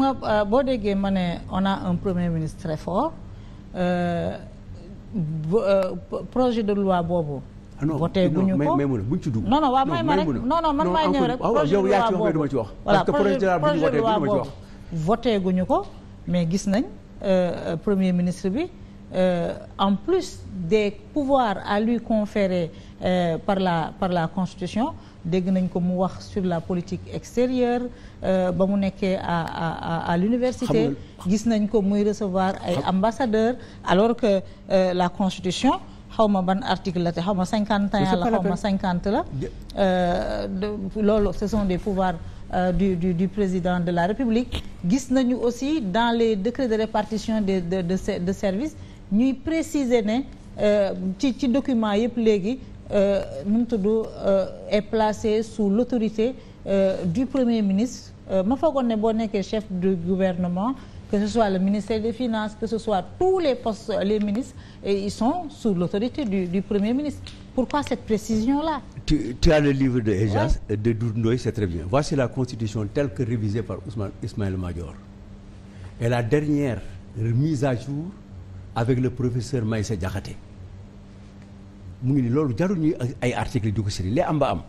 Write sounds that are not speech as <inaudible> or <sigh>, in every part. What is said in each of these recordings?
xam euh, boo déggee ma ne on a un premier ministre très fort euh, euh, projet de loi boobu. Ah voté guñu ko mais mais buñ ci dugg. non non may ma rek non non man maa ñëw rek. projet de loi boobu duma ci wax. parce que projet de loi boobu voté guñu ko mais gis nañ euh, euh, premier ministre bi. euh, en plus des pouvoirs à lui conférés euh, par la par la constitution dégg nañ ko mu wax sur la politique extérieure euh, ba mu nekkee à à l'université gis nañ ko muy recevoir ay ambassadeurs alors que euh, la constitution xaw ma ban article la te xaw ma cinquante et un la xaw cinquante la euh, loolu ce sont des pouvoirs du du du président de la République gis nañu aussi dans les décrets de répartition des de de de services ñuy préciser ne euh, ci ci document yëpp léegi euh, nu mu tudd euh, est placé sous l'autorité du premier ministre ma foogoon ne boo nekkee chef de gouvernement que ce soit le ministère des finances que ce soit tous les postes les ministres et ils sont sous l'autorité du du premier ministre pourquoi cette précision là. tu as le livre de Ejas ouais. de Doudou Ndoye c'est très bien voici la constitution telle que révisée par Ousmane Ismaël Madior et la dernière mise à jour. avec le professeur Maïssa Diakhaté mu ngi ni loolu jarul ñuy ay articles di ko siri lee am ba am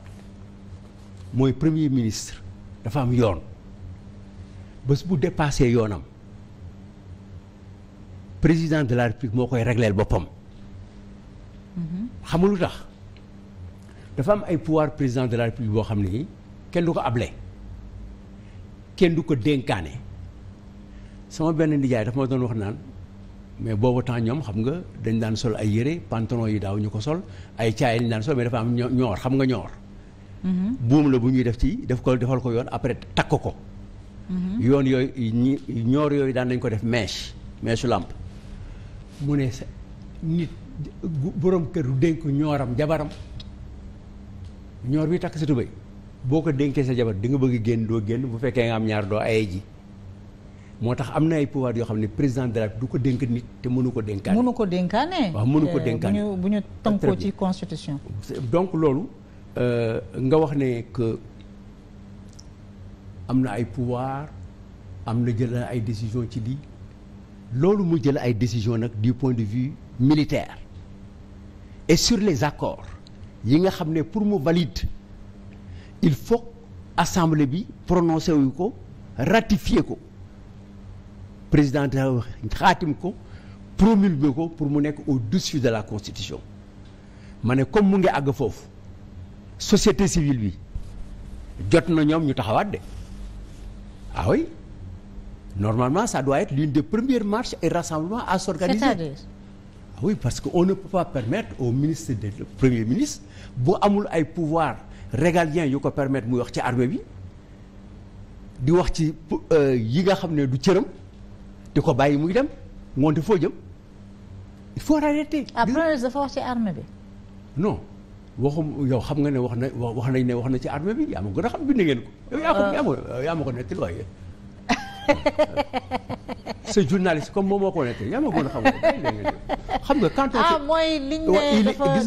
mooy premier ministre dafa am yoon bés bu dépassé yoonam président de la république moo koy régleel boppam mm-hmm. xamul lu tax dafa am ay pouvoir président de la république boo xam nii kenn du ko able kenn du ko dénkaane sama benn nijaay dafa ma doon wax naan mais boobu temps ñoom xam nga dañ daan sol ay yére pantalon yi daaw ñu ko sol ay caay lañ daan sol mais dafa am ñoor xam nga ñoor. Mm-hmm. buum la bu ñuy def ci def ko defal ko yoon après takk ko. Mm-hmm. yoon yooyu ñi ñoor yooyu daan dañ ko def mèche mèche làmp mu ne sa nit borom kër dénk ñooram jabaram ñoor bi takk sa tubéy boo ko dénkee sa jabar di nga bëgg génn doo génn bu fekkee nga am ñaar doo aye ji. moo tax am na ay pouvoir yoo xam ne président de du ko dénk nit te mënu ko dénkaane. mënu ko dénkaane. waaw mënu ko eh, dénkaane bu ñu bu ñu tënkoo ci constitution. donc loolu euh, nga wax ne que am na ay pouvoir am na jël ay décision ci lii loolu mu jël ay décision nag du point de vue militaire et sur les accords yi nga xam ne pour mu valide il faut assemblée bi prononcé wu ko ratifié ko. président dina wax xaatim ko promulgué ko pour mu nekk au-dessus de la constitution ma ne comme mu ngi àgg foofu société civile bi jot na ñoom ñu taxawaat de ah normalement ça doit être l'une des premières marches et rassemblements à s'organiser c'est-à-dire ah parce que on ne peut pas permettre au ministre de le premier ministre bu amul ay pouvoir régalien yu ko permettre muy wax ci armée bi di wax ci euh, yi nga xam ne du cëram di ko bàyyi muy dem ngoonte foo jëm il faut arrêter. après ah, dafa wax ci armée bi. non waxum yow xam nga ne wax na wax nañ ne wax na ci armée bi yaa ma gën a xam bind ah. <laughs> comme moom moo gën a xam xam nga quand on ah mooy liñ ne dafa gis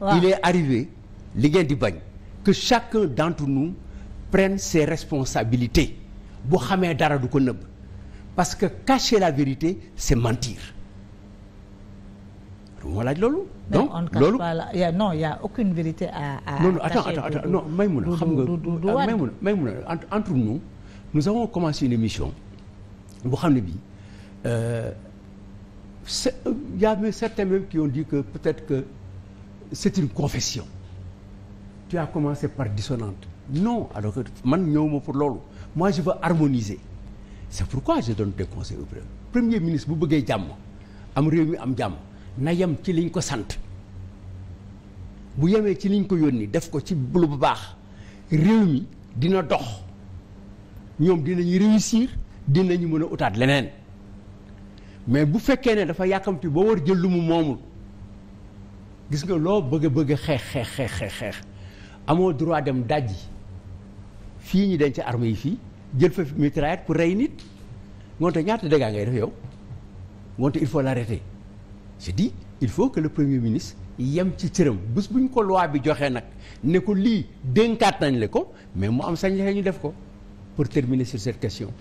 nga il est di bañ. que chacun d'entre nous prenne xamee dara du ko nëbb. parce que cacher la vérité c'est mentir moo laaj loolu. donc loolu non il y a aucune vérité à à. non non attends attends non Maïmouna xam nga ah, Maïmouna Maïmouna entre nous nous avons commencé une émission boo xam ne bii euh, c' y a même certains peut-être que est une confession tu as commencé par dissonante non alors que man ñëw ma pour loolu moi je veux c'est pourquoi je donne des conseils au premier ministre bu bëggee jàmm am réew mi am jàmm na yem ci liñ ko sant bu yemee ci liñ ko yónni def ko ci lu bu baax réew mi dina dox ñoom dinañu réussir dinañu mën a utaat leneen mais bu fekkee ne dafa yàkkamti ba war jël lu mu moomul gis nga loo bëgg bëgg a xeex xeex xeex amoo droit dem dajji fii ñu denc arme yi fii jël fa mitraillette pour rey nit ngoonte ñaata dégâts ngay def yow ngoonte il faut la l'arrêter je di il faut que le premier ministre yem ci cëram bés bu ñu ko loi bi joxee nag ne ko lii dénkaat nañ la ko mais mu am sañ ñu def ko pour terminer sur cette question